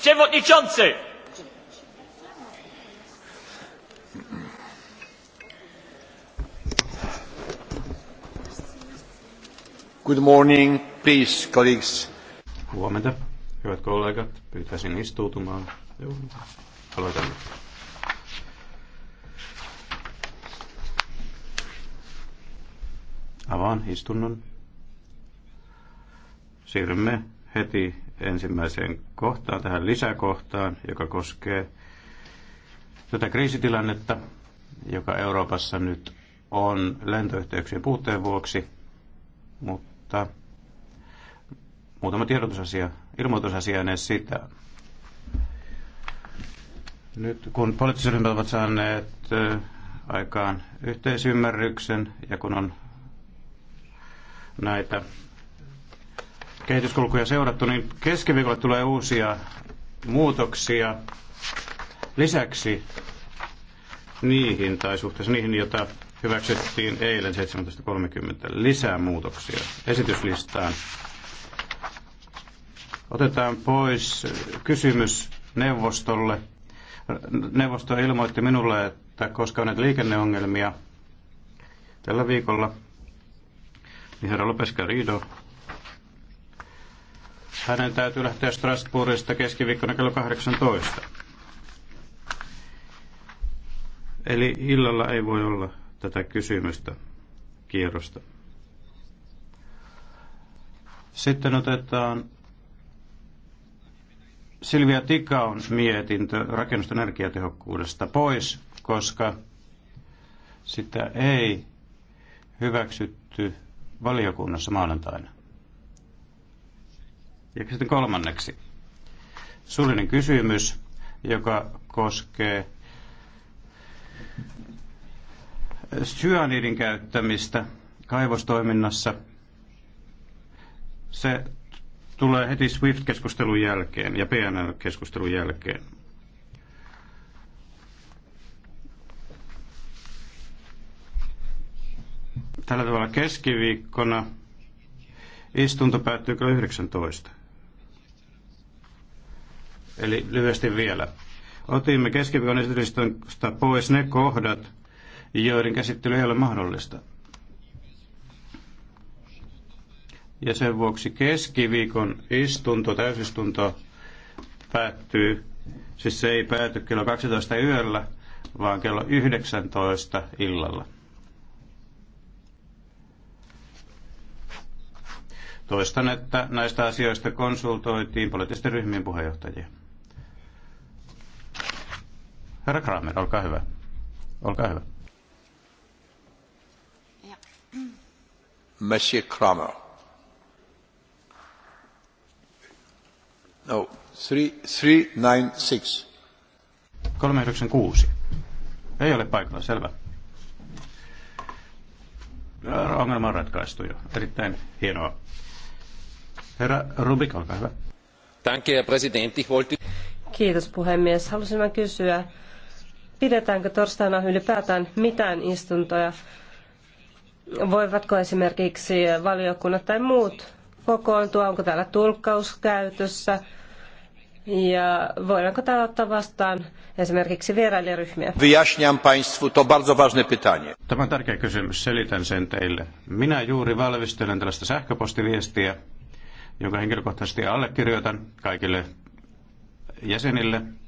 Przewodniczący! Good morning, please, colleagues. Huomenta, hyvät kollegat. Pyytäisin istuutumaan. aloitamme. Avaan istunnon. Siirrymme heti ensimmäiseen kohtaan, tähän lisäkohtaan, joka koskee tätä kriisitilannetta, joka Euroopassa nyt on lentoyhteyksien puutteen vuoksi, mutta muutama tiedotusasia, ilmoitusasia ennen sitä. Nyt kun poliittiset ryhmät ovat saaneet aikaan yhteisymmärryksen ja kun on näitä kehityskulkuja seurattu, niin keskiviikolla tulee uusia muutoksia lisäksi niihin tai suhteessa niihin, joita hyväksyttiin eilen 17.30 lisää muutoksia esityslistaan. Otetaan pois kysymys neuvostolle. Neuvosto ilmoitti minulle, että koska on näitä liikenneongelmia tällä viikolla, niin herra Lopeska Riido hänen täytyy lähteä Strasbourgista keskiviikkona kello 18. Eli illalla ei voi olla tätä kysymystä kierrosta. Sitten otetaan Silvia Tikaun mietintö rakennusten energiatehokkuudesta pois, koska sitä ei hyväksytty valiokunnassa maanantaina. Ja sitten kolmanneksi suullinen kysymys, joka koskee syöniidin käyttämistä kaivostoiminnassa. Se tulee heti SWIFT-keskustelun jälkeen ja PNR-keskustelun jälkeen. Tällä tavalla keskiviikkona istunto päättyy kello 19. Eli lyhyesti vielä. Otimme keskiviikon esityslistasta pois ne kohdat, joiden käsittely ei ole mahdollista. Ja sen vuoksi keskiviikon istunto, täysistunto päättyy, siis se ei pääty kello 12 yöllä, vaan kello 19 illalla. Toistan, että näistä asioista konsultoitiin poliittisten ryhmien puheenjohtajia. Herra Kramer, olkaa hyvä. Olkaa hyvä. Ja. Monsieur Kramer. No, 396. 396. Ei ole paikalla, selvä. Äh, ongelma on ratkaistu jo. Erittäin hienoa. Herra Rubik, olkaa hyvä. Danke, Herr Kiitos puhemies. Halusin kysyä, pidetäänkö torstaina ylipäätään mitään istuntoja? Voivatko esimerkiksi valiokunnat tai muut kokoontua? Onko täällä tulkkaus käytössä? Ja voidaanko täällä ottaa vastaan esimerkiksi vierailijaryhmiä? Wyjaśniam Państwu, to bardzo ważne pytanie. Tämä on tärkeä kysymys, selitän sen teille. Minä juuri valmistelen tällaista sähköpostiviestiä, jonka henkilökohtaisesti allekirjoitan kaikille jäsenille,